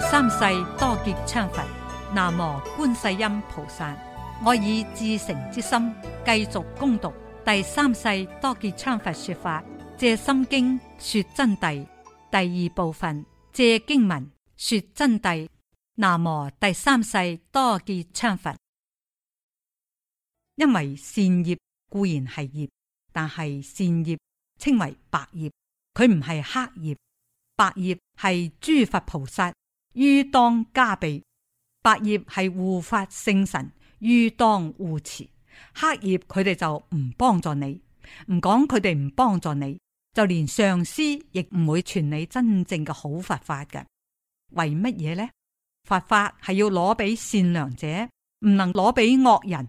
第三世多杰羌佛，南無觀世音菩薩。我以至誠之心繼續攻讀第三世多杰羌佛說法，藉心經說真諦第二部分，藉經文說真諦。南無第三世多杰羌佛，因為善業固然係業，但係善業稱為白業，佢唔係黑業，白業係諸佛菩薩。於當加備，白業係護法聖神，於當護持；黑業佢哋就唔幫助你，唔講佢哋唔幫助你，就連上司亦唔會傳你真正嘅好佛法嘅。為乜嘢呢？佛法係要攞俾善良者，唔能攞俾惡人。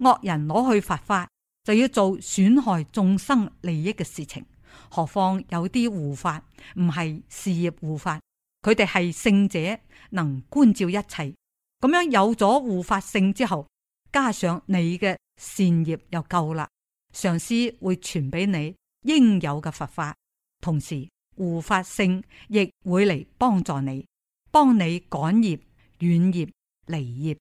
惡人攞去佛法就要做損害眾生利益嘅事情。何況有啲護法唔係事業護法。佢哋係聖者，能觀照一切。咁樣有咗護法性之後，加上你嘅善業又夠啦，上師會傳俾你應有嘅佛法，同時護法性亦會嚟幫助你，幫你趕業、遠業、離業。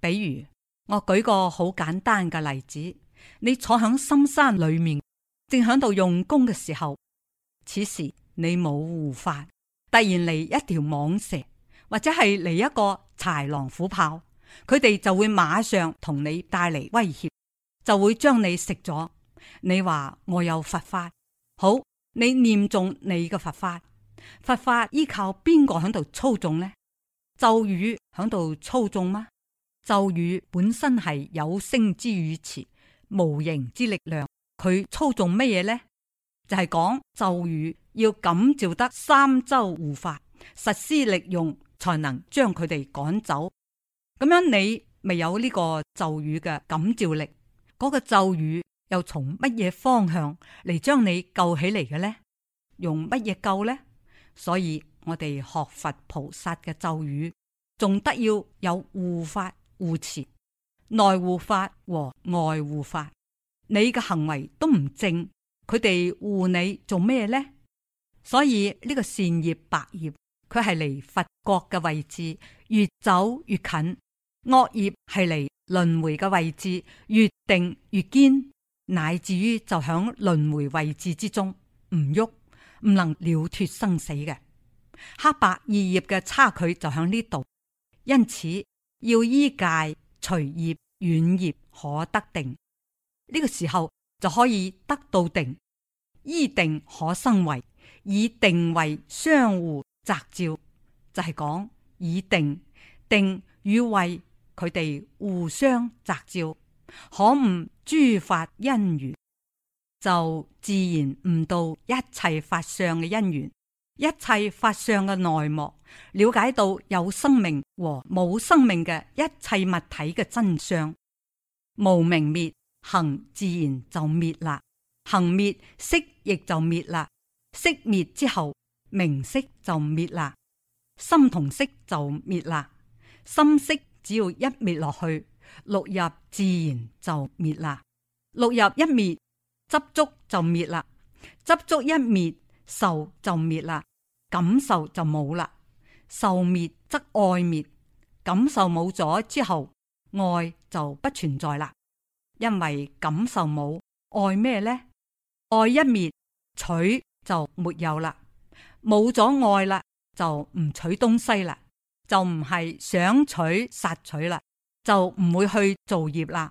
比如我舉個好簡單嘅例子，你坐響深山裏面，正響度用功嘅時候，此時你冇護法。突然嚟一條蟒蛇，或者係嚟一個豺狼虎豹，佢哋就會馬上同你帶嚟威脅，就會將你食咗。你話我有佛法好，你念中你嘅佛法，佛法依靠邊個喺度操縱呢？咒語喺度操縱嗎？咒語本身係有聲之語詞，無形之力量，佢操縱乜嘢呢？就係講咒語要感召得三周護法實施利用，才能將佢哋趕走。咁樣你咪有呢個咒語嘅感召力。嗰個咒語又從乜嘢方向嚟將你救起嚟嘅呢？用乜嘢救呢？所以我哋學佛菩薩嘅咒語，仲得要有護法護持，內護法和外護法。你嘅行為都唔正。佢哋護你做咩呢？所以呢個善業、白業，佢係離佛國嘅位置，越走越近，惡業係離輪回嘅位置，越定越堅，乃至於就響輪回位置之中唔喐，唔能了脫生死嘅黑白二業嘅差距就響呢度。因此要依戒除業，軟業可得定呢個時候就可以得到定，依定可生慧，以定慧相互擇照，就係、是、講以定定與慧，佢哋互相擇照，可悟諸法因緣，就自然悟到一切法相嘅因緣，一切法相嘅內幕，了解到有生命和冇生命嘅一切物體嘅真相，無明滅。行自然就滅啦，行滅色亦就滅啦，色滅之後，名色就滅啦，心同色就滅啦，心色只要一滅落去，六入自然就滅啦，六入一滅執足就滅啦，執足一滅受就滅啦，感受就冇啦，受滅則愛滅，感受冇咗之後，愛就不存在啦。因為感受冇愛咩呢？愛一滅，取就沒有啦。冇咗愛啦，就唔取東西啦，就唔係想取殺取啦，就唔會去造業啦。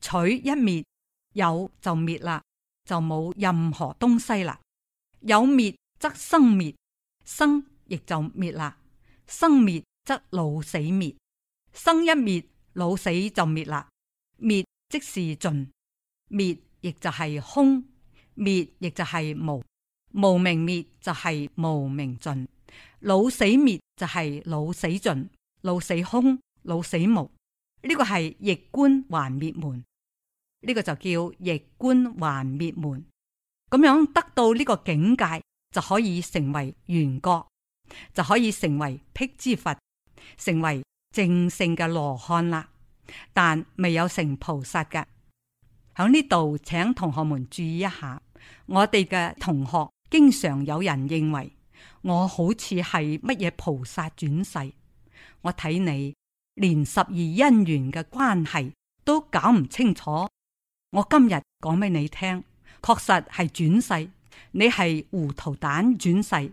取一滅，有就滅啦，就冇任何東西啦。有滅則生滅，生亦就滅啦。生滅則老死滅，生一滅老死就滅啦，滅。即是盡滅，滅亦就係空滅，滅亦就係無無明滅就係無明盡，老死滅就係老死盡、老死空、老死無。呢個係逆觀還滅門，呢個就叫逆觀還滅門。咁樣得到呢個境界，就可以成為圓覺，就可以成為辟支佛，成為正聖嘅羅漢啦。但未有成菩薩嘅，喺呢度請同學們注意一下。我哋嘅同學經常有人認為我好似係乜嘢菩薩轉世。我睇你連十二因緣嘅關係都搞唔清楚。我今日講俾你聽，確實係轉世，你係糊塗蛋轉世。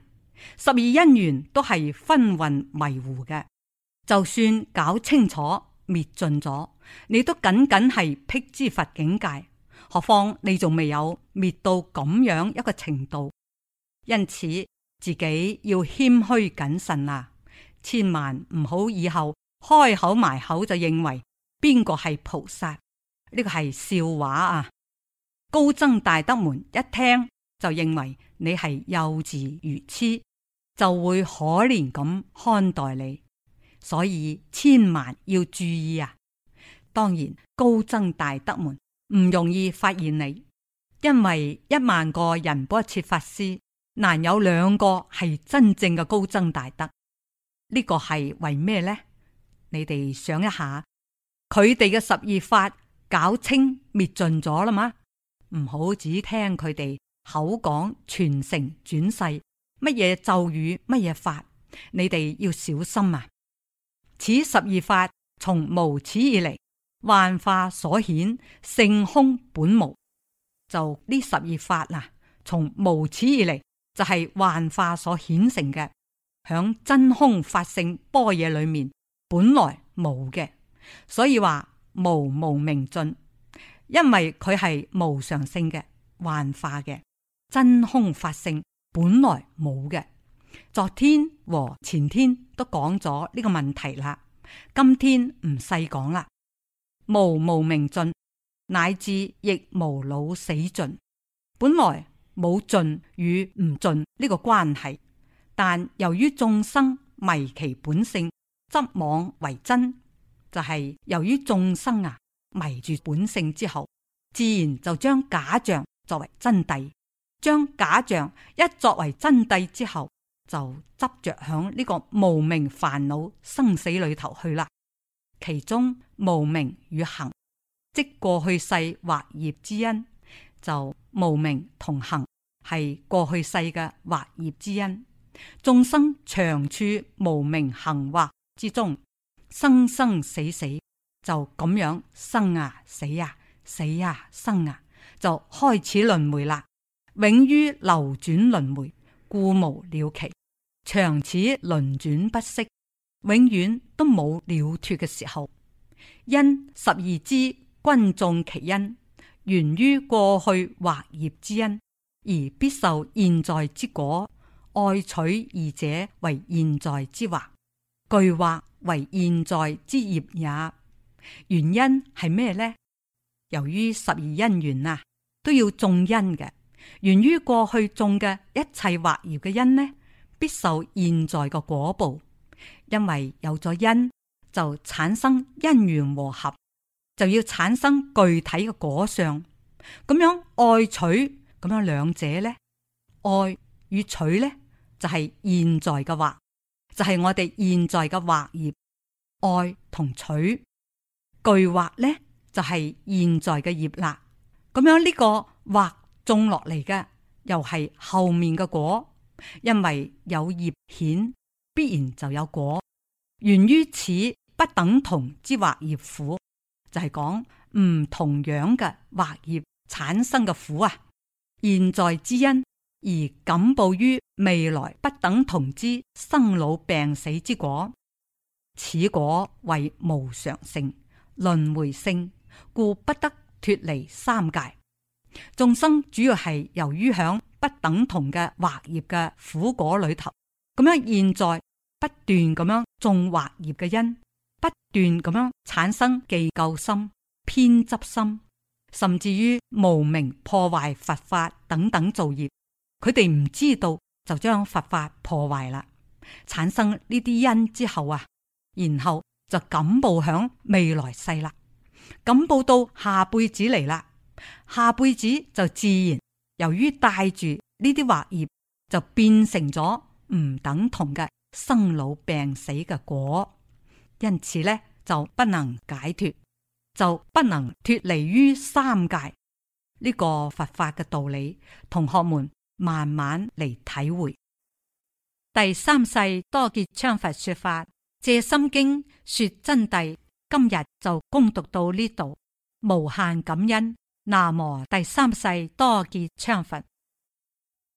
十二因緣都係分運迷糊嘅，就算搞清楚。滅盡咗，你都僅僅係辟支佛境界，何況你仲未有滅到咁樣一個程度，因此自己要謙虛謹慎啦，千萬唔好以後開口埋口就認為邊個係菩薩，呢、這個係笑話啊！高僧大德們一聽就認為你係幼稚愚癡，就會可憐咁看待你。所以千萬要注意啊！當然高僧大德們唔容易發現你，因為一萬個人嗰一切法師，難有兩個係真正嘅高僧大德。呢、這個係為咩呢？你哋想一下，佢哋嘅十二法搞清滅盡咗啦嘛？唔好只聽佢哋口講傳承轉世乜嘢咒語乜嘢法，你哋要小心啊！此十二法從無始以嚟，幻化所顯，性空本無。就呢十二法啊，從無始以嚟，就係幻化所顯成嘅，響真空法性般若裏面本來冇嘅，所以話無無明盡，因為佢係無常性嘅幻化嘅真空法性本來冇嘅。昨天和前天都講咗呢個問題啦，今天唔細講啦。無無明盡，乃至亦無老死盡，本來冇盡與唔盡呢個關係。但由於眾生迷其本性，執妄為真，就係、是、由於眾生啊迷住本性之後，自然就將假象作為真諦，將假象一作為真諦之後。就執着響呢個無明煩惱生死裏頭去啦。其中無明與行，即過去世惑業之因，就無明同行係過去世嘅惑業之因。眾生長處無明行惑之中，生生死死，死就咁樣生啊死啊死啊生啊，就開始輪回啦，永於流轉輪回。故無了期，長此輪轉不息，永遠都冇了脫嘅時候。因十二支君眾其因，源於過去惑業之因，而必受現在之果。愛取二者為現在之惑，具惑為現在之業也。原因係咩呢？由於十二因緣啊，都要種因嘅。源於過去種嘅一切惑業嘅因呢，必受現在嘅果報。因為有咗因，就產生因緣和合，就要產生具體嘅果相。咁樣愛取，咁樣兩者呢？愛與取呢？就係、是、現在嘅惑，就係、是、我哋現在嘅惑業。愛同取具惑呢？就係、是、現在嘅業啦。咁樣呢個惑。種落嚟嘅，又係後面嘅果，因為有業顯，必然就有果。源於此不等同之惑業苦，就係講唔同樣嘅惑業產生嘅苦啊！現在之因而感報於未來不等同之生老病死之果，此果為無常性、輪回性，故不得脫離三界。眾生主要係由於響不等同嘅惑業嘅苦果裏頭，咁樣現在不斷咁樣種惑業嘅因，不斷咁樣產生忌舊心、偏執心，甚至於無明破壞佛法等等造業，佢哋唔知道就將佛法破壞啦。產生呢啲因之後啊，然後就感報響未來世啦，感報到下輩子嚟啦。下輩子就自然由於帶住呢啲惑業，就變成咗唔等同嘅生老病死嘅果，因此呢，就不能解脫，就不能脫離於三界呢、這個佛法嘅道理。同學們慢慢嚟體會。第三世多杰羌佛說法《藉心經》說真諦，今日就恭讀到呢度，無限感恩。南無第三世多杰羌佛。